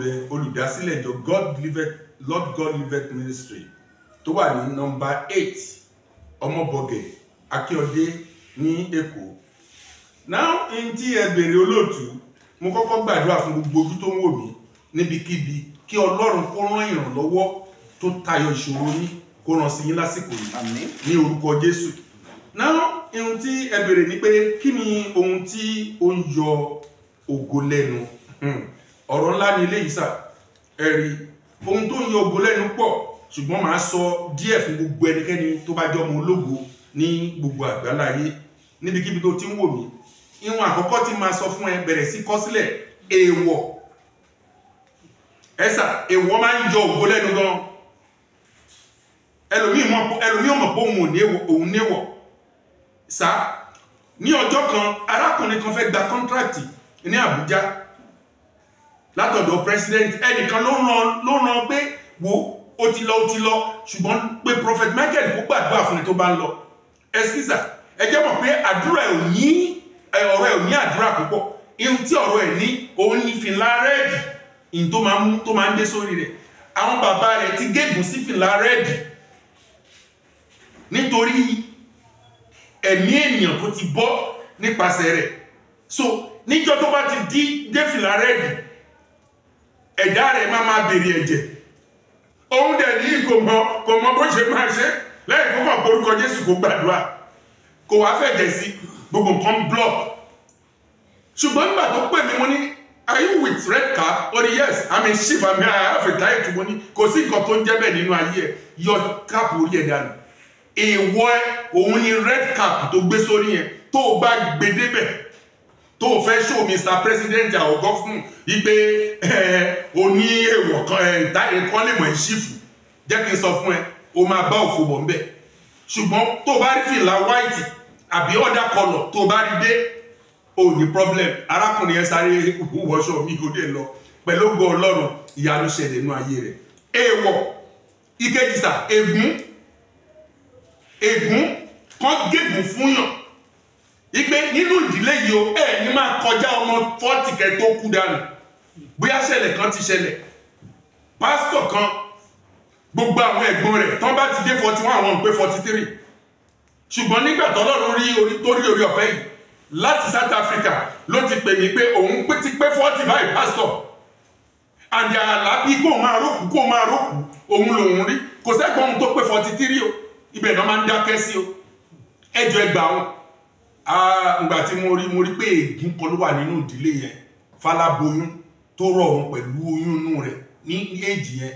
olóògbé olùdásílẹ̀ ìjọ lord god livet ministry tó wà ní nọ́mbà eight ọmọbọgẹ akíọdé ní èkó now n tí ẹ bèrè olóòtú mo kọ́kọ́ gbàdúrà fún gbogbo ojú tó ń wò mí níbikíbi kí ọlọ́run kó rán ìrànlọ́wọ́ tó tayọ ìṣòro yín kó ràn sí yín lásìkò yìí ní orúkọ jésù now ohun tí ẹ bèrè ni pé kí ni ohun tí ó ń yọ ògo lẹ́nu. Hmm ọ̀rọ̀ ńlá ni eléyìí sà ẹ̀rí ohun tó ń yọ ògo lẹ́nu pọ̀ ṣùgbọ́n màá sọ díẹ̀ fún gbogbo ẹnikẹ́ni tó bá jọmọ ológo ní gbogbo àgbáláyé níbikíbi tó ti ń wò mí ìwọ̀n àkọ́kọ́ tí màá sọ fún ẹ bẹ̀rẹ̀ sí kọ sílẹ̀ èèwọ̀ ẹ̀sà èèwọ̀ máa ń yọ ògo lẹ́nu gan ẹlòmíì mọ̀ pé òun níwọ̀ sá ní ọjọ́ kan arákùnrin kan fẹ́ gba kọ́ńtrákìtì ní Àbújá látọ̀dọ̀ president ẹnìkan ló ràn ló ràn pé wo ó ti lọ ó ti lọ ṣùgbọ́n pé prophet michael kó gbàdúrà fún ni tó bá ń lọ ẹsísà ẹ jẹ́ mọ̀ pé àdúrà ẹ̀ ò ní ọ̀rọ̀ ẹ̀ ò ní àdúrà púpọ̀ ihun tí ọ̀rọ̀ ẹ̀ ní òun ní fìlà rẹ́ẹ̀dì ihun tó máa ń tó máa ń dé sórí rẹ̀ àwọn bàbá rẹ̀ ti gégùn sí fìlà rẹ́ẹ̀dì nítorí ẹ̀mí ènìyàn tó ti bọ́ nípasẹ̀ rẹ̀ so níjọ́ tó bá ti dé fìlà rẹ́ẹ̀dì ẹ̀dá rẹ̀ máa máa bèrè ẹ̀jẹ̀ òun dẹ̀ ní kò mọ kò mọ bó ṣe máa ṣe lẹ́yìn kó kàn porúkọ Jésù kó gbàdúrà kò wá fẹ̀jẹ̀ sí gbogbo nǹkan block ṣùgbọ́n nígbà tó pè mí mo ní are you with red car ó ní yes i'm a chief i'm a africa ètò mo ní kò sí nǹkan tó ń jẹ́ bẹ́ẹ̀ nínú ayé ẹ̀ yọ káàpù orí ẹ̀ dànù èèwọ̀ ẹ̀ òun ni red car, tó gbé sórí yẹn tó o bá gbé débẹ̀ tó fẹ́ ṣó mr president àwọn gọ́fúnù ipe o ní èèwọ̀ kan ẹ̀ǹtá eh, ẹ̀kọ́ lè mọ̀ ẹ́ ṣífù jẹ́ kí n sọ fún ẹ o máa bá òfò bọ̀ ńbẹ̀ ṣùgbọ́n tó bá rí fìlà white àbí ọ̀dà kọlọ̀ tó bá rí dé o ní problem arákùnrin yẹn sáré wọṣọ mi kò dé lọ pẹ̀lú ògo ọlọ́run ìyanu ṣẹlẹ̀ nínú ayé rẹ̀ èèwọ̀ ìkejì sà ègún ègún kan gégùn fún yàn ìgbé nínú ìdílé yìí o ẹ ní máa kọjá ọmọ fọ́ọ̀tì kẹ tó kú dànù bóyá ṣẹlẹ̀ kan ti ṣẹlẹ̀ pásítọ̀ kan gbogbo àwọn ẹ̀gbọ́n rẹ̀ tán bá ti dé forty one àwọn ń pé forty three ṣùgbọ́n nígbà tọ́lọ́run rí orí tó rí orí ọ̀fẹ́ yìí láti South Africa ló ti pè mí pé òun pé ti pé forty by pásítọ̀ àǹdí àlàbí kó máa rókù kó máa rókù òun lòun rí kò sẹ́gbọ́n ohun tó pé forty three o ibẹ̀ náà máa ń dákẹ́ sí o ẹjọ́ ẹgbàá wọn ngba ti mo ri mo pe egun ko lo wa ninu idile yen falaboyun to ro ohun pelu oyun nu re ni age yen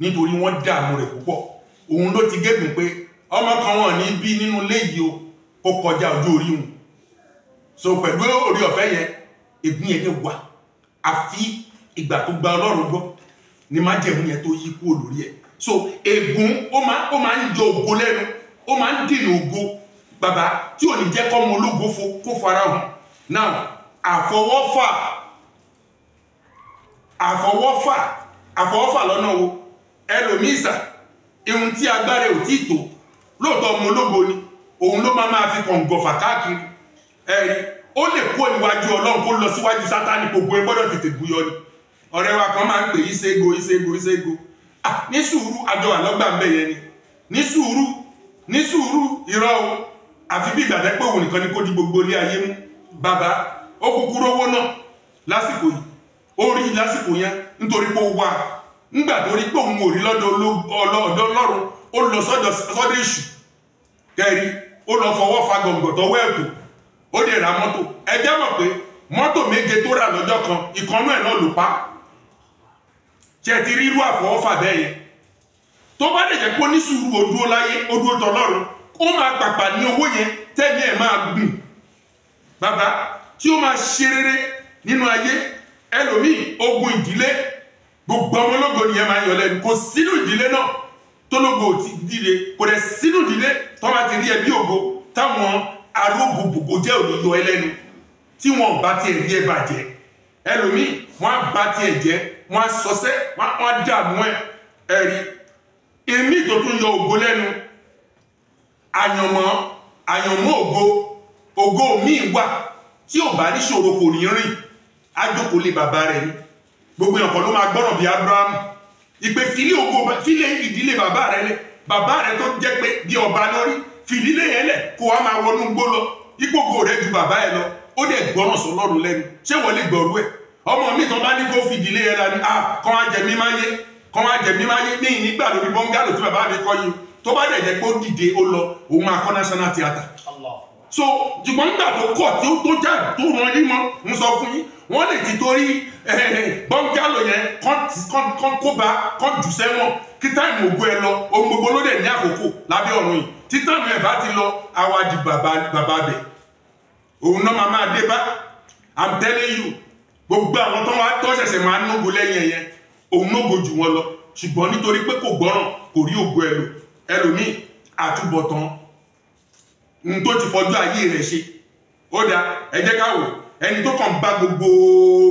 nitori won da mo re pupo ohun lo gebi gegun pe omo kan won ni bi ninu leyi o ko koja ojo ori hun so pelu ori ofe yen egun yen ni wa igba to gba olorun gbo ni ma jẹun yẹn to yi ku olori ẹ so egun o ma o ma n jo ogo ma n dinu bàbá tí ò ní jẹ́ kọ́mọ ológun kó fara hàn now àfọwọ́fà àfọwọ́fà àfọwọ́fà lọ́nà wo ẹlòmíìsà ihun tí agbára ò tí tó lóòótọ́ ọmọ ológo ni òun ló máa máa fi kọ̀ǹgọ̀fà káàkiri ẹ̀rí ó lè kó níwájú ọlọ́run kó lọ síwájú sátánì gbogbo ẹ gbọ́dọ̀ tètè buyọ ni ọ̀rẹ́ wa kan máa ń pè ìṣègo ìṣègo ìṣègo ah, ní sùúrù àjọ àlọ́gbà ń bẹ̀yẹ ni ní sùúrù ní sùúrù irọ́ o àfi bí ìgbà dẹ́pẹ́ òun nìkan ni kó di gbogbo ilé ayé mú bàbá ó kúkú rówó náà lásìkò yìí ó rí lásìkò yẹn nítorí pé ó wà nígbà tó rí pé òun ò lọ sọ́dọ̀ sọ́dọ̀ èṣù kẹrí lọ fọwọ́ fa tọwọ́ ẹ̀tọ́ ó ra mọ́tò mọ̀ pé mọ́tò kan pa ti rí irú àfọwọ́fà bẹ́ẹ̀ yẹn tó bá ó máa pàpà ní owó yẹn tẹ́lẹ̀ ẹ̀ máa gùn bàbá tí ó máa ṣe rere nínú ayé ẹlòmíì ogun ìdílé gbogbo ọmọ ológo nìyẹn máa yọ lẹ́nu kò sínú ìdílé náà tólógo ò ti dìde kò dẹ̀ sínú ìdílé tó máa ti rí ẹbí ògo táwọn arógo gbogbo jẹ́ òní yọ ẹ lẹ́nu tí wọn bá tiẹ̀ rí ẹ bàjẹ́ ẹlòmíì wọn á bá tiẹ̀ jẹ́ wọn á sọsẹ́ wọn á dààmú ẹ ẹ̀rí èmi tó tún yọ ògo lẹ́nu àyànmọ́ àyànmọ́ ògo ògo míì wà tí ò bá ní ṣòro kò ní rìn ájókòó lé bàbá rẹ̀ ni gbogbo èèyàn kan ló máa gbọ́ràn bí Abraham ìpè fílé ògo fílé ìdílé bàbá rẹ̀ lẹ̀ bàbá rẹ̀ tó jẹ́ pé bí ọba lórí fìdílé yẹn lẹ̀ kó wá máa wọnú gbó lọ ipògo rẹ̀ ju bàbá ẹ̀ lọ ó dẹ̀ gbọ́ràn sọ lọ́rùn lẹ́nu ṣé wọ́n lè gbọ́rú ẹ̀ ọmọ mi tán bá ní kó fìdílé yẹn lani ah kọ́ wá jẹ mí máa yé kọ́ wá jẹ mí máa yé ní ìnígbà lórí bọ́ngàlò tí bàbá mi kọ́ yìí tó bá dẹ̀ jẹ́ pé ó dìde ó lọ òun máa kọ́ national theatre so ṣùgbọ́n nígbà tó kọ̀ tí ó tó já tó ràn yín mọ́ ń sọ fún yín wọ́n lè ti torí eh, eh, eh, bọ́ńgálò yẹn kán kó ba kán jù sẹ́wọ̀n kí táìmù ògùn ẹ lọ ohun gbogbo ló dẹ̀ ní àkókò lábẹ́ ọ̀run yìí tí táìmù ẹ̀ bá ti lọ àwa di bàbá bẹ̀ òun náà máa máa dé bá i'm telling you gbogbo àwọn tó wá tọ́ ṣẹ̀ṣẹ̀ máa nógo lẹ́yìn ẹ̀yẹn òun nógo jù wọn lọ ṣùgbọ́n nítorí pé kò gbọ́ràn kò rí ògùn ẹ lò ẹlòmíì àtúbọ̀tán n tó ti fọjú ayé rẹ̀ ṣe ó dáa ẹ jẹ́ ká wò ẹni tó kàn bá gbogbo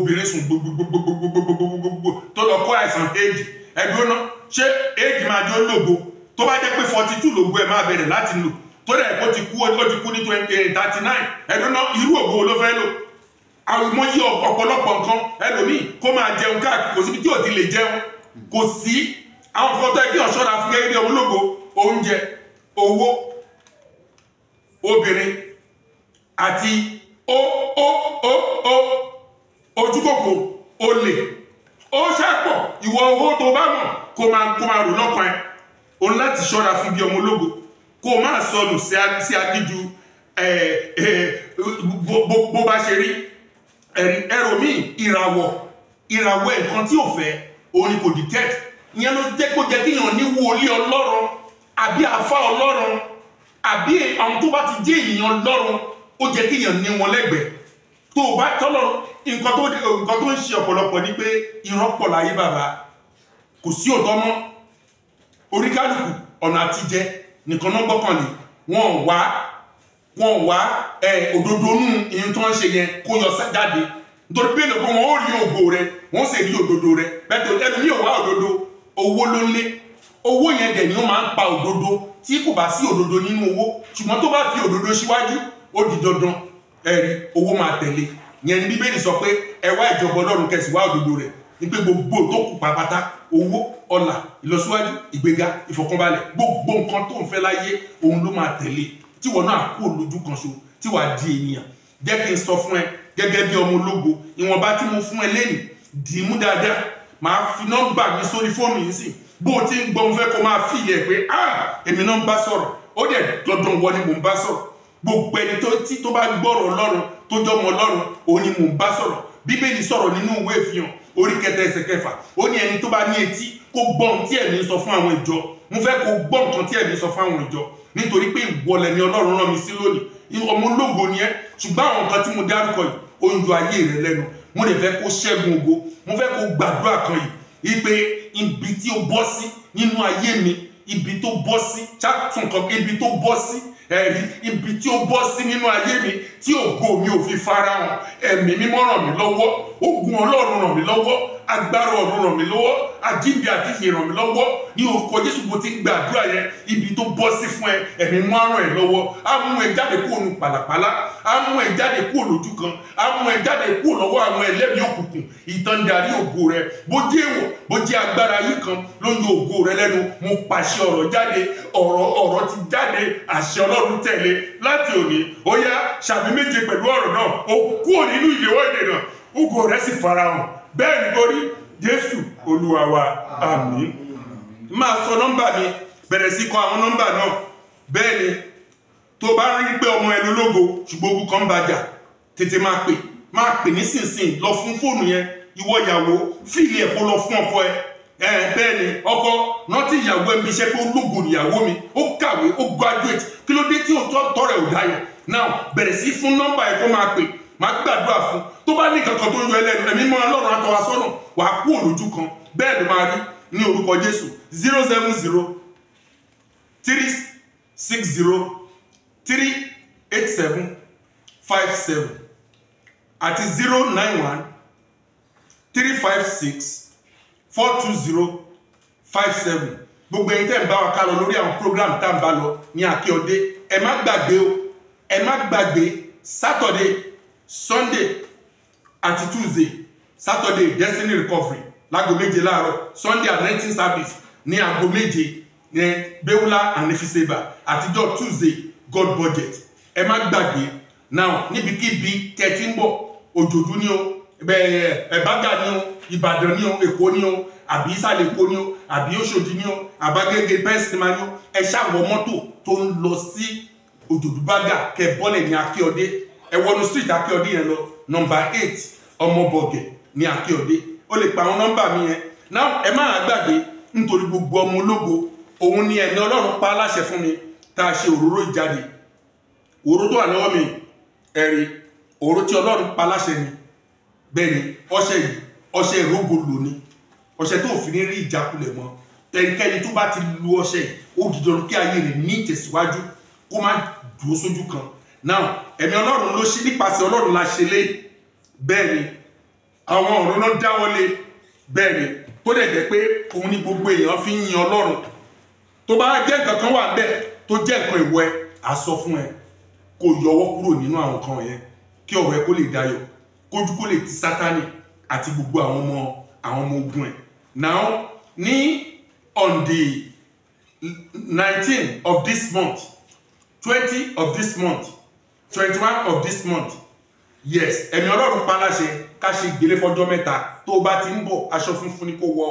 obìnrin sùn gbogbogbogbogbogbogbogbogbò tó lọ kó àìsàn éèdì ẹgbẹ́ náà ṣé éèdì máa jọ lògo tó bá jẹ́ pé forty two lògo ẹ̀ máa bẹ̀rẹ̀ láti lò tó dẹ̀ kó ti kú ó ti kú ní eh, thirty nine ẹ̀dùn náà irú ògo ló fẹ́ lò àwòmọ́yé ọ̀pọ̀lọpọ̀ nǹkan ẹlòmíì kó máa jẹun káàkiri kò síbi tí ò ti lè jẹun kò sí àwọn kọ́kọ́ tó ọ̀ṣọ́ra fún gẹ́gẹ́ bí ọmọlógo oúnjẹ owó obìnrin àti ó ó ó ó ojúkòkò olè ó ṣàpọ̀ ìwọ owó tó bá mọ̀ kó máa kó máa rò lọ́kàn ẹ̀ o ní láti ṣọ́ra fún bí ọmọ ológo kó o máa sọnù sí agídú bó bá ṣe rí ẹlòmíì ìràwọ̀ ìràwọ̀ nǹkan tí ò fẹ́ òun ni kò detect ìyẹn ló jẹ́ kó jẹ́ kéèyàn ní wòlíì ọlọ́run àbí àfa ọlọ́run àbí àwọn tó bá ti jẹ́ èèyàn lọ́run ó jẹ́ kéèyàn ní wọn lẹ́gbẹ̀ẹ́ tó o bá tọ́lọ̀ nǹkan tó nǹkan tó ń ṣe ọ̀pọ̀lọpọ̀ ni pé ìrọ́pọ̀ láyé bàbá kò sí òótọ́ mọ́ oríkálùkù ọ̀nà àtijẹ nìkan náà gbọ́kànlé wọn wá wọn wá ẹ òdodo nù ìyẹn tó ń ṣe yẹn kó yọ jáde nítorí pé lọ́pọ̀ wọn ó rí ògo rẹ wọn ó sì rí òdodo rẹ bẹ́ẹ̀ tó ẹnu ní òwá òdodo owó ló ń lé owó yẹn dẹ̀ ni ó máa ń pa òdodo tí kò bá sí òdodo nínú owó ṣùgbọ́n tó bá fi òdodo síwájú ó di dandan ẹ̀rí owó máa tẹ̀lé yẹn ní bíbélì sọ pé ẹ wá ìjọba ọlọ́run kẹsì wá òdodo rẹ̀ ní pé gbogbo tó kù pàápàá owó ọlà ìlọsíwájú ìgbéga ìfọkànbalẹ̀ gbogbo nǹkan tó ń fẹ́ láyé òun ló máa tẹ̀lé tí wọn náà kú olójú kan ṣo tí wàá di ènìyàn jẹ́ kí n sọ fún ẹ gẹ́gẹ́ bí ọmọ ológo ìwọ̀nba tí mo fún ẹ lẹ́nu dì í mú dáadáa màá fi nọ́mbà mi sórí fóònù yìí sìn bó o ti ń gbọ́ mo fẹ́ kó máa fi yẹ pé ah èmi náà ń bá sọ̀rọ̀ ó dẹ̀ dandan wọ ni mò ń bá sọ̀rọ̀ gbogbo ẹni tó bá gbọ́rọ̀ Ọlọ́run tó jọmọ Ọlọ́run òun ni mò ń bá sọ̀rọ̀ bíbélì sọ̀rọ̀ nínú ìwé ìfihàn orí kẹta ẹsẹ̀ kẹfà ó ní ẹni tó bá ní etí kó gbọ́ ohun tí ẹ̀mí sọ fún àwọn ìjọ mo fẹ́ kó gbọ́ nǹkan tí ẹ̀mí sọ fún àwọn ìjọ nítorí pé ìwọlẹ̀ ni Ọlọ́run rán mi sí lónìí ọmọ ológo ni ẹ ṣùgbọ́n àwọn nǹkan tí mo dárúkọ yìí ó ayé rẹ lẹ́nu mo lè fẹ́ kó ṣẹ́gun ògo mo fẹ́ kó gbàdúrà kan yìí ipe ibi tí o bọ́ sí nínú ayé mi ibi tó bọ́ sí chátùnkàn ibi tó bọ́ sí ẹ̀rí ibi tí ó bọ́ sí nínú ayé mi tí ògo mi ò fi farahàn ẹ̀mí mímọ́ ràn mí lọ́wọ́ ogun ọlọ́run ràn mí lọ́wọ́ agbára ọ̀run ràn mí lọ́wọ́ àjíǹde àti ìyè ràn mí lọ́wọ́ ní orúkọ jésù bó ti ń gba àdúrà yẹn ibi tó bọ́ sí fún ẹ ẹ̀mí mú àrùn ẹ̀ lọ́wọ́ á mú ẹ jáde kúrò nu pàlàpàlà á mú ẹ jáde kúrò lójú kan á mú ẹ jáde kúrò lọ́wọ́ àwọn ẹlẹ́mìí òkùnkùn ìtàndarí ògo rẹ bó jẹ́ èèwọ̀ bó jẹ́ agbára yìí kan ló ń yọ ògo rẹ lẹ́nu mo pàṣẹ ọ̀rọ̀ jáde ọ̀rọ̀ ọ̀rọ̀ ti jáde àṣẹ ọlọ́run tẹ̀lé láti òní ó yá ṣàbí méje pẹ̀lú ọ̀rọ̀ náà ó kúrò nínú ìléwọ́ èdè náà ògo rẹ sì farahàn bẹ́ẹ̀ ni borí jésù olúwa wa àmín máa sọ nọ́mbà mi bẹ̀rẹ̀ sí kọ àwọn nọ́mbà náà bẹ́ẹ̀ ni tó bá rí pé ọmọ ẹ lólógo ṣùgbọ́n ogun kan bàjà tètè máa pè máa pè nísinsìnyí lọ fún fóònù yẹn ìwọ ìyàwó fíìlì ẹ̀ kó lọ fún ọkọ ẹ bẹ́ẹ̀ ni ọkọ rántí ìyàwó ẹbí iṣẹ́ pé ó lógo níyàwó mi ó kàwé ó graduate kí ló dé tí òótọ́ tọrẹ ò dáyọ̀ now bẹ̀rẹ̀ sí fún nọ́mbà ẹ̀ kó máa pè máa gbàdúrà fún tó bá ní kankan tó ń yọ ẹlẹ́nu ẹ̀mí mọ́ ọlọ́run á tọ́ wa sọ́nà wàá kú òlójú kan bẹ́ẹ̀ ló máa rí ní orúkọ jésù zero seven zero three six zero three eight seven five seven àti zero nine one three five six four two zero five seven gbogbo ẹ̀yin tẹ́ ń bá wa ká lọ lórí àwọn program tá ń bá lọ ní àkíọdé ẹ má gbàgbé o ẹ má gbàgbé sátọ̀dé sunday àti tuesday saturday destiny recovery láago méje láàárọ̀ sunday at nineteen service ní aago méje ní bewla and ifiseba àtijọ́ tuesday god budget ẹ má gbàgbé now níbikíbi tẹ̀tí ń bọ̀ òjòjú ni o ẹ̀bága ni o ìbàdàn ni o èkó ni o àbí ìsàlẹ̀ èkó ni o àbí òṣòdì ni o àbágẹ́gẹ́ bẹ́ẹ̀ sinimá ni o ẹ ṣàwọ̀ mọ́tò tó ń lọ sí òjòjú bága kẹ bọ́lẹ̀ ní akíọdé ẹ̀wọ̀nù street akíọdé yẹn lọ nọmba eight ọmọbọ̀gẹ̀ ní akíọdé ó lè pa àwọn nọmba mi yẹn now ẹ máa gbàgbé nítorí gbogbo ọmọ ológo òun ni ẹni ọlọ́run pa aláṣẹ fún mi tá a ṣe òróró ìjáde òróró tó wà lọ́wọ́ mi ẹ̀rí òróró tí ọlọ́run pa aláṣẹ ni bẹ́ẹ̀ ni ọṣẹ yìí ọṣẹ ìrógòlò ni ọṣẹ tó fi ní rí ìjákulẹ̀ mọ́ ẹnikẹ́ni tó bá ti lu ọṣẹ yìí ó dìdọ̀rùn kí ayé rẹ̀ ní ìtẹ̀síwájú kó má dúró sójú kan now ẹ̀mí ọlọ́run ló ṣí nípasẹ̀ ọlọ́run la ṣe lé bẹ́ẹ̀ ni àwọn ọ̀run ló dáwọ́lé bẹ́ẹ̀ ni tó dẹ̀ jẹ́ pé òun ni gbogbo èèyàn fi ń yin ọlọ́run tó bá jẹ́ nǹkan kan wà bẹ́ẹ̀ tó jẹ́ nǹkan ìwọ ẹ á sọ fún ẹ kó yọwọ́ kúrò nínú àwọn kan yẹn kí ọ̀rọ̀ ẹ kó lè dayọ̀ kójú kó lè ti sátánì àti gbogbo àwọn ọmọ àwọn ọmọ ogun ẹ now ní on the nineteen of this month twenty of this month twenty one of this month yes ẹ̀mí ọlọ́run paláṣẹ ká ṣe ìgbélé fọjọ́ mẹ́ta tó o bá ti ń bọ̀ aṣọ funfun ni kó wọ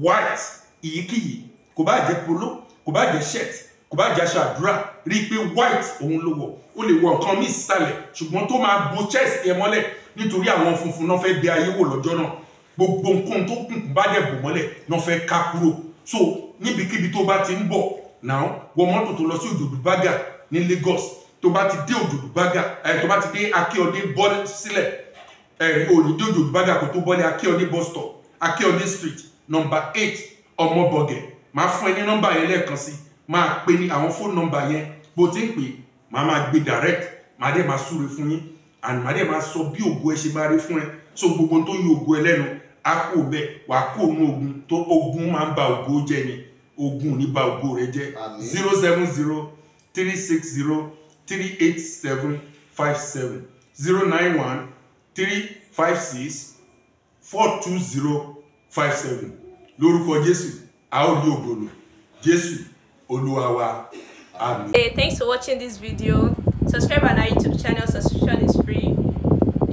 white ìyíkìyí kò bá jẹ́ polo kò bá jẹ́ shirt kò bá jẹ́ aṣọ àdúrà rí i pé white òun ló wọ̀ ó lè wọ nǹkan míì sísàlẹ̀ ṣùgbọ́n tó máa bo chest ẹ mọ́lẹ̀ nítorí àwọn funfun náà fẹ́ bẹ ayé wò lọ́jọ́ náà gbogbo nǹkan tó kùn bá dẹ̀ bò mọ́lẹ̀ náà fẹ́ ká kúrò so níbikíbi tó bá ti ń bọ̀ náà wọ mọ́tò tó lọ sí òjòdù tó bá ti dé òdòdó bága ẹ tó bá ti dé akíọdé bọ́ sílẹ̀ ẹ òní dé òdòdó bága kò tó bọ́lé akíọdé bus stop akíọdé street number eight ọmọbọgẹ máa fún ẹ ní nọ́mbà yẹn lẹ́ẹ̀kan sí máa pè ní àwọn fóònù nọ́mbà yẹn bó ti ń pè máa máa gbé direct máa dẹ̀ máa súre fún yín and máa dẹ̀ máa sọ bí ògo ẹ ṣe máa rí fún ẹ so gbogbo tó yí ògo ẹ lẹ́nu á kó bẹ́ẹ̀ wàá kó òun ogun tó ogun máa ń ba ògo jẹ ni ogun ò ní ba ògo rẹ jẹ zero seven zero three six zero three eight seven five seven zero nine one three five six four two zero five seven lórúkọ jésù a ó rí ògbólò jésù olúwa wa hey thanks for watching this video subscribe on our youtube channel subscription is free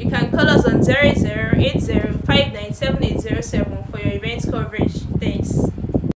you can call us on zero zero eight zero five nine seven eight zero seven for your event coverage thanks.